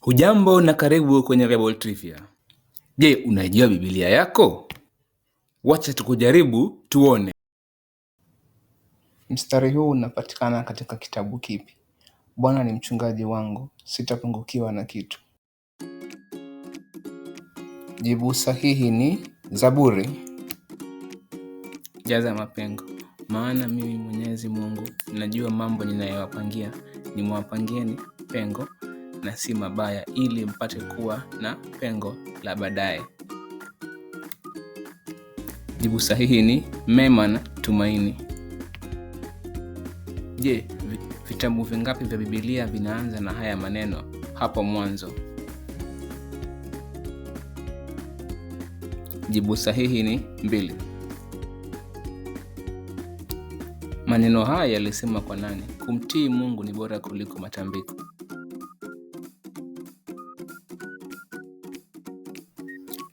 Hujambo na karibu kwenye Bible Trivia. Je, unaijua Biblia yako? Wacha tukujaribu tuone. Mstari huu unapatikana katika kitabu kipi? Bwana ni mchungaji wangu, sitapungukiwa na kitu. Jibu sahihi ni Zaburi. Jaza mapengo. Maana mimi Mwenyezi Mungu najua mambo ninayowapangia, nimewapangieni pengo na si mabaya ili mpate kuwa na pengo la baadaye. Jibu sahihi ni mema na tumaini. Je, vitabu vingapi vya bibilia vinaanza na haya maneno hapo mwanzo? Jibu sahihi ni mbili. Maneno haya yalisema kwa nani? Kumtii Mungu ni bora kuliko matambiko.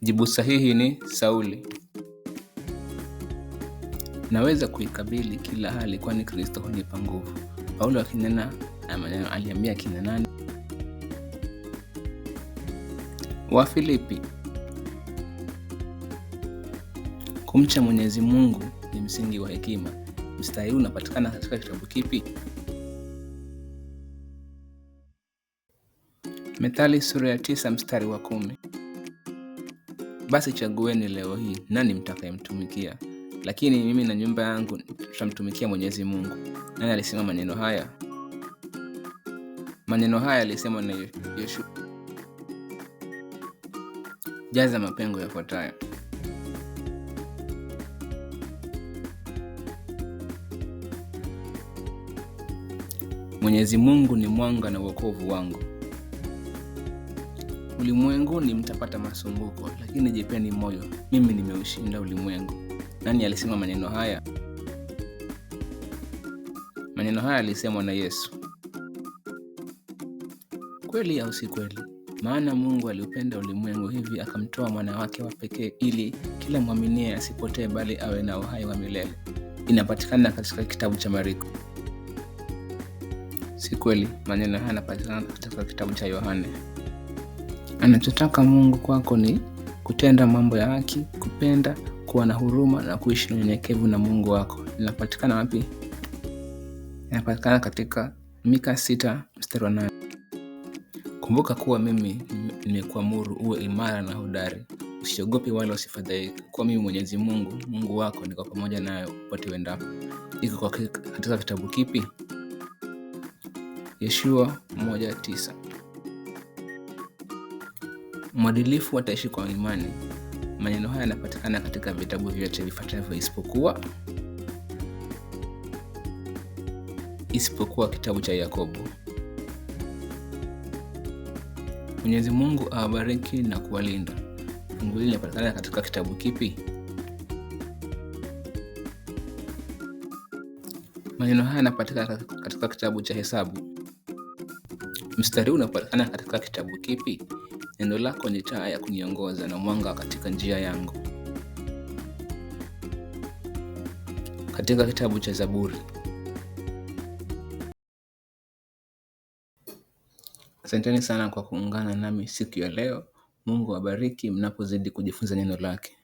Jibu sahihi ni Sauli. Naweza kuikabili kila hali, kwani Kristo hunipa nguvu. Paulo akinena na maneno aliambia kina nani? Wa Filipi. Kumcha Mwenyezi Mungu ni msingi wa hekima. Mstari huu unapatikana katika kitabu kipi? Methali sura ya tisa mstari wa kumi basi chagueni leo hii nani mtakayemtumikia, lakini mimi na nyumba yangu tutamtumikia Mwenyezi Mungu. Nani alisema maneno haya? Maneno haya alisema na Yoshua. Jaza mapengo yafuatayo. Mwenyezi Mungu ni mwanga na uokovu wangu ni mtapata masumbuko, lakini jipeni moyo, mimi nimeushinda ulimwengu. Nani alisema maneno haya? Maneno haya alisemwa na Yesu. Kweli au si kweli? Maana Mungu aliupenda ulimwengu hivi akamtoa mwanawake wa pekee, ili kila mwaminie asipotee, bali awe na uhai wa milele. Inapatikana katika kitabu cha Mariko. Si kweli? Maneno haya anapatikana katika kitabu cha Yohane. Anachotaka Mungu kwako ni kutenda mambo ya haki, kupenda, kuwa na huruma na kuishi na unyenyekevu na Mungu wako. inapatikana wapi? inapatikana katika Mika st mstari wa nane. Kumbuka kuwa mimi nimekuamuru uwe imara na hodari, usiogopi wala usifadhaike, kuwa mimi Mwenyezi Mungu Mungu wako niko pamoja nayo upote uendapo. Iko katika kitabu kipi? Yeshua moja tisa mwadilifu ataishi kwa imani. Maneno haya yanapatikana katika vitabu vyote vifuatavyo isipokuwa isipokuwa kitabu cha Yakobo. Mwenyezi Mungu awabariki na kuwalinda. Fungu linapatikana katika kitabu kipi? Maneno haya yanapatikana katika kitabu cha Hesabu. Mstari huu unapatikana katika kitabu kipi? Neno lako ni taa ya kuniongoza na mwanga katika njia yangu. Katika kitabu cha Zaburi. Asanteni sana kwa kuungana nami siku ya leo. Mungu abariki mnapozidi kujifunza neno lake.